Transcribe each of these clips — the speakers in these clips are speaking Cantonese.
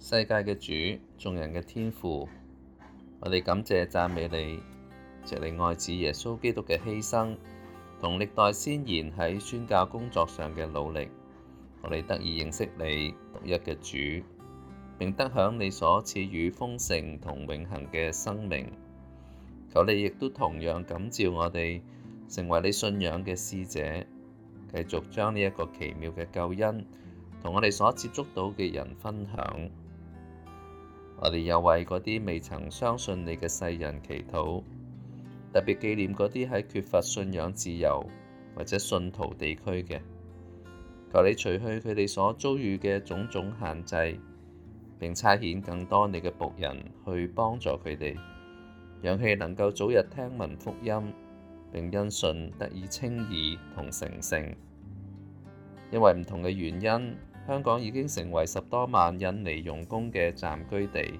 世界嘅主，眾人嘅天父，我哋感謝讚美你，藉你愛子耶穌基督嘅犧牲，同歷代先賢喺宣教工作上嘅努力，我哋得以認識你獨一嘅主，並得享你所賜予豐盛同永恒嘅生命。求你亦都同樣感召我哋成為你信仰嘅使者，繼續將呢一個奇妙嘅救恩同我哋所接觸到嘅人分享。我哋又為嗰啲未曾相信你嘅世人祈禱，特別紀念嗰啲喺缺乏信仰自由或者信徒地區嘅，求你除去佢哋所遭遇嘅種種限制，並差遣更多你嘅僕人去幫助佢哋，讓佢哋能夠早日聽聞福音，並因信得以稱義同成聖。因為唔同嘅原因。香港已經成為十多萬印尼傭工嘅暫居地。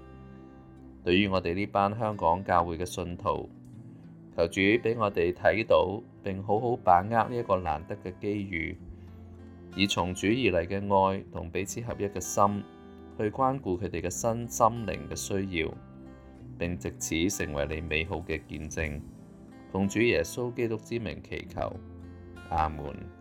對於我哋呢班香港教會嘅信徒，求主畀我哋睇到並好好把握呢一個難得嘅機遇，以從主而嚟嘅愛同彼此合一嘅心，去關顧佢哋嘅身心靈嘅需要，並借此成為你美好嘅見證。奉主耶穌基督之名祈求，阿門。